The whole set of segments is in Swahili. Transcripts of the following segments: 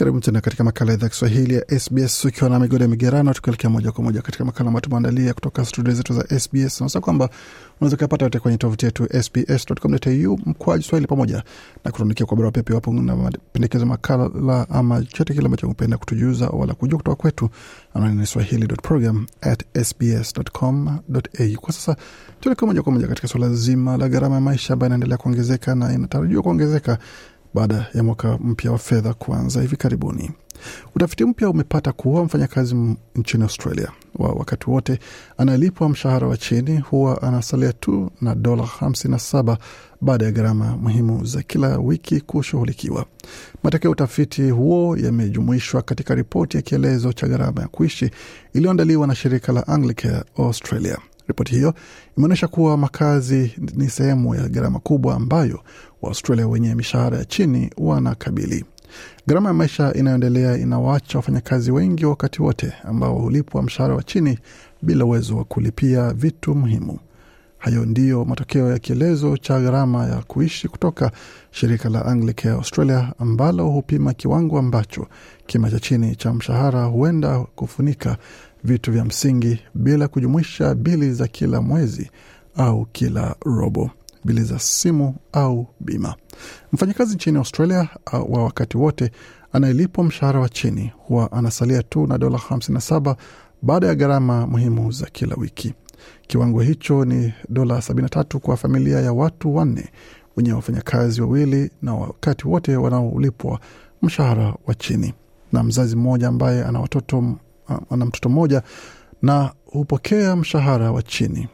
karibu tena katika makala ya idhaa Kiswahili ya SBS ukiwa na migodo ya migerano, tukielekea moja kwa moja katika makala ambayo tumeandalia kutoka studio zetu za SBS. Nasa kwamba unaweza ukapata yote kwenye tovuti yetu sbs.com.au mkwaju swahili, pamoja na kutuandikia kwa barua pepe wapo na mapendekezo makala ama chote kile ambacho upenda kutujuza wala kujua kutoka kwetu, anwani ni swahili.program@sbs.com.au. Kwa sasa tuelekea moja kwa moja katika suala zima la gharama ya maisha ambayo inaendelea kuongezeka na inatarajiwa kuongezeka baada ya mwaka mpya wa fedha kuanza hivi karibuni. Utafiti mpya umepata kuwa mfanyakazi nchini Australia wa wakati wote anayelipwa mshahara wa chini huwa anasalia tu na dola 57 baada ya gharama muhimu za kila wiki kushughulikiwa. Matokeo ya utafiti huo yamejumuishwa katika ripoti ya kielezo cha gharama ya kuishi iliyoandaliwa na shirika la Anglicare Australia. Ripoti hiyo imeonyesha kuwa makazi ni sehemu ya gharama kubwa ambayo Waaustralia wenye mishahara ya chini wanakabili. Gharama ya maisha inayoendelea inawaacha wafanyakazi wengi wakati wote ambao hulipwa mshahara wa chini bila uwezo wa kulipia vitu muhimu. Hayo ndiyo matokeo ya kielezo cha gharama ya kuishi kutoka shirika la Anglicare Australia ambalo hupima kiwango ambacho kima cha chini cha mshahara huenda kufunika vitu vya msingi bila kujumuisha bili za kila mwezi au kila robo bili za simu au bima. Mfanyakazi nchini Australia wa wakati wote anayelipwa mshahara wa chini huwa anasalia tu na dola 57 baada ya gharama muhimu za kila wiki. Kiwango hicho ni dola 73 kwa familia ya watu wanne wenye wafanyakazi wawili na wakati wote wanaolipwa mshahara wa chini, na mzazi mmoja ambaye ana watoto ana mtoto mmoja na hupokea mshahara wa chini,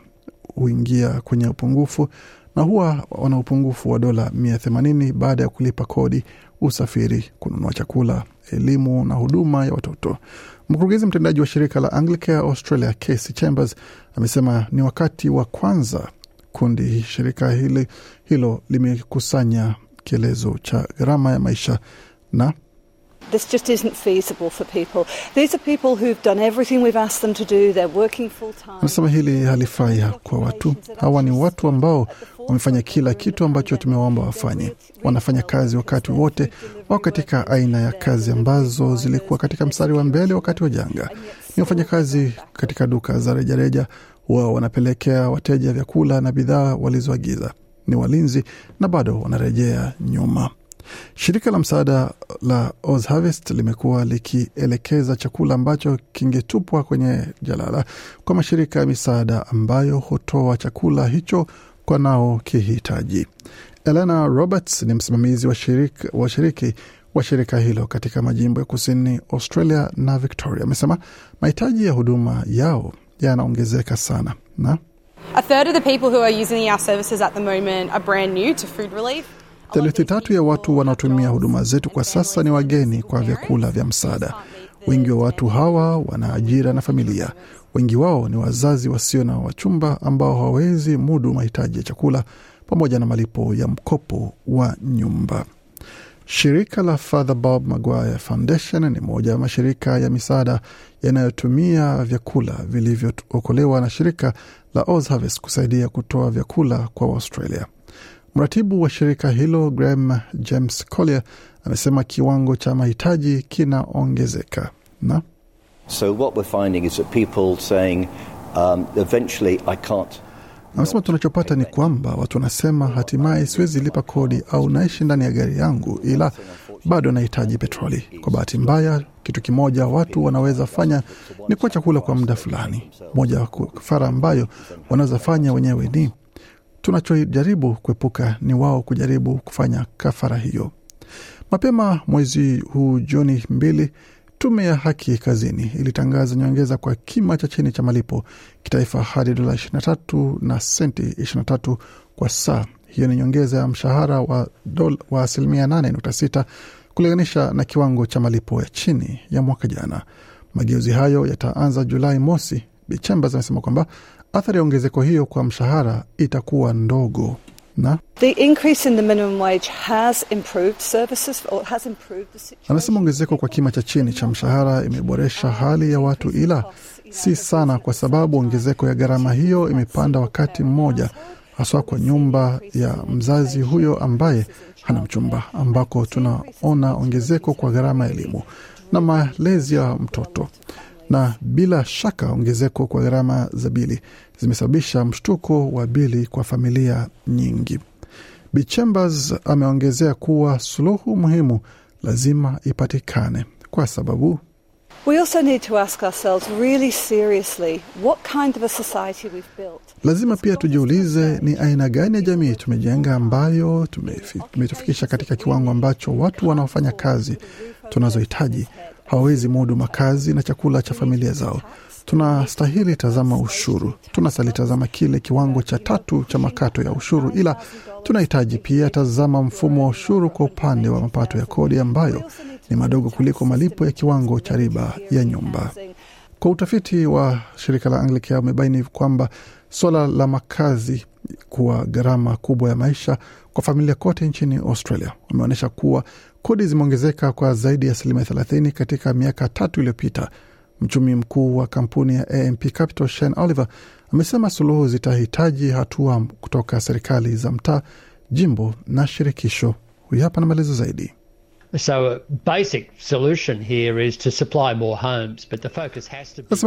huingia kwenye upungufu na huwa wana upungufu wa dola mia themanini baada ya kulipa kodi, usafiri, kununua chakula, elimu na huduma ya watoto. Mkurugenzi mtendaji wa shirika la Anglicare Australia Casey Chambers amesema ni wakati wa kwanza kundi shirika hili hilo limekusanya kielezo cha gharama ya maisha na This just isn't feasible for people. These are people who've done everything we've asked them to do. They're working full time. Anasema hili halifai kwa watu hawa. Ni watu ambao wamefanya kila kitu ambacho tumewaomba wafanye. Wanafanya kazi wakati wote, wao katika aina ya kazi ambazo zilikuwa katika mstari wa mbele wakati wa janga. Ni wafanyakazi katika duka za rejareja, wao wanapelekea wateja vyakula na bidhaa walizoagiza. Ni walinzi na bado wanarejea nyuma. Shirika la msaada la Oz Harvest limekuwa likielekeza chakula ambacho kingetupwa kwenye jalala kwa mashirika ya misaada ambayo hutoa chakula hicho nao kihitaji. Elena Roberts ni msimamizi wa, shirika, wa shiriki wa shirika hilo katika majimbo ya kusini Australia na Victoria. Amesema mahitaji ya huduma yao yanaongezeka sana na Theluthi tatu ya watu wanaotumia huduma zetu kwa sasa ni wageni kwa vyakula vya msaada. Wengi wa watu hawa wana ajira na familia. Wengi wao ni wazazi wasio na wachumba ambao hawawezi mudu mahitaji ya chakula pamoja na malipo ya mkopo wa nyumba. Shirika la Father Bob Maguire Foundation ni moja ya mashirika ya misaada yanayotumia vyakula vilivyookolewa na shirika la Oz Harvest kusaidia kutoa vyakula kwa Australia. Mratibu wa shirika hilo Graham James Collier amesema kiwango cha mahitaji kinaongezeka na So what we're finding is that people saying um, eventually I can't Anasema tunachopata ni kwamba watu wanasema hatimaye siwezi lipa kodi au naishi ndani ya gari yangu, ila bado nahitaji petroli. Kwa bahati mbaya, kitu kimoja watu wanaweza fanya ni kuwa chakula kwa muda fulani. Moja ya kafara ambayo wanaweza fanya wenyewe ni Tunachojaribu kuepuka ni wao kujaribu kufanya kafara hiyo. Mapema mwezi huu Juni mbili, tume ya haki kazini ilitangaza nyongeza kwa kima cha chini cha malipo kitaifa hadi dola 23 na senti 23 kwa saa. Hiyo ni nyongeza ya mshahara wa, wa asilimia 8.6 kulinganisha na kiwango cha malipo ya chini ya mwaka jana. Mageuzi hayo yataanza Julai mosi Bi Chambers amesema kwamba athari ya ongezeko hiyo kwa mshahara itakuwa ndogo anasema ongezeko kwa kima cha chini cha mshahara imeboresha hali ya watu, ila si sana, kwa sababu ongezeko ya gharama hiyo imepanda wakati mmoja, haswa kwa nyumba ya mzazi huyo ambaye hana mchumba, ambako tunaona ongezeko kwa gharama ya elimu na malezi ya mtoto na bila shaka ongezeko kwa gharama za bili zimesababisha mshtuko wa bili kwa familia nyingi. Bi Chambers ameongezea kuwa suluhu muhimu lazima ipatikane kwa sababu really kind of Lazima pia tujiulize ni aina gani ya jamii tumejenga ambayo tumetufikisha katika kiwango ambacho watu wanaofanya kazi tunazohitaji hawawezi mudu makazi na chakula cha familia zao. Tunastahili tazama ushuru, tunastahili tazama kile kiwango cha tatu cha makato ya ushuru, ila tunahitaji pia tazama mfumo wa ushuru kwa upande wa mapato ya kodi ambayo ni madogo kuliko malipo ya kiwango cha riba ya nyumba. Kwa utafiti wa shirika la Anglicare umebaini kwamba suala la makazi kuwa gharama kubwa ya maisha kwa familia kote nchini Australia. Wameonyesha kuwa kodi zimeongezeka kwa zaidi ya asilimia thelathini katika miaka tatu iliyopita. Mchumi mkuu wa kampuni ya AMP Capital Shane Oliver amesema suluhu zitahitaji hatua kutoka serikali za mtaa, jimbo na shirikisho. Huyu hapa na maelezo zaidi. Nasema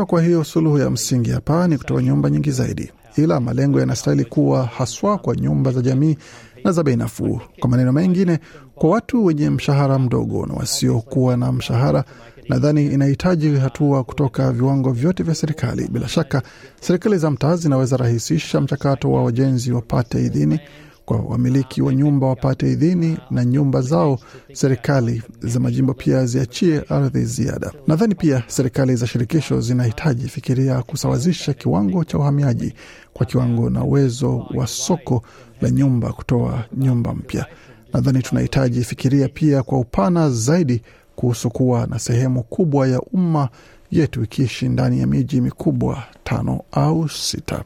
kwa hiyo suluhu ya msingi hapa ni kutoa nyumba nyingi zaidi, ila malengo yanastahili kuwa haswa kwa nyumba za jamii na za bei nafuu. Kwa maneno mengine, kwa watu wenye mshahara mdogo na wasiokuwa na mshahara, nadhani inahitaji hatua kutoka viwango vyote vya serikali. Bila shaka, serikali za mtaa zinaweza rahisisha mchakato wa wajenzi wapate idhini kwa wamiliki wa nyumba wapate idhini na nyumba zao. Serikali za majimbo pia ziachie ardhi ziada. Nadhani pia serikali za shirikisho zinahitaji fikiria kusawazisha kiwango cha uhamiaji kwa kiwango na uwezo wa soko la nyumba kutoa nyumba mpya. Nadhani tunahitaji fikiria pia kwa upana zaidi kuhusu kuwa na sehemu kubwa ya umma yetu ikiishi ndani ya miji mikubwa tano au sita.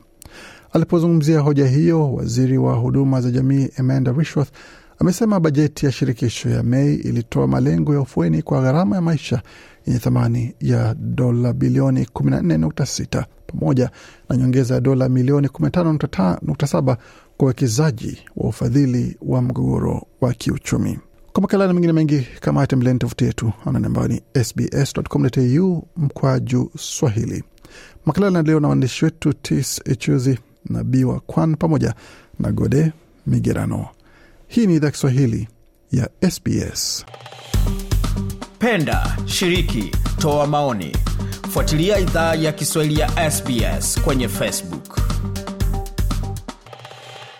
Alipozungumzia hoja hiyo, waziri wa huduma za jamii Amanda Rishworth amesema bajeti ya shirikisho ya Mei ilitoa malengo ya ufueni kwa gharama ya maisha yenye thamani ya dola bilioni 14.6 pamoja na nyongeza ya dola milioni 15.7 kwa uwekezaji wa ufadhili wa mgogoro wa kiuchumi. Kwa makala na mengine mengi kama tembeleni tovuti yetu anani ambayo ni sbs.com.au mkwaju Swahili. Makala leo na waandishi wetu Tis Ichuzi na Biwa Kwan pamoja na Gode Migerano. Hii ni idhaa Kiswahili ya SBS. Penda, shiriki, toa maoni, fuatilia idhaa ya Kiswahili ya SBS kwenye Facebook.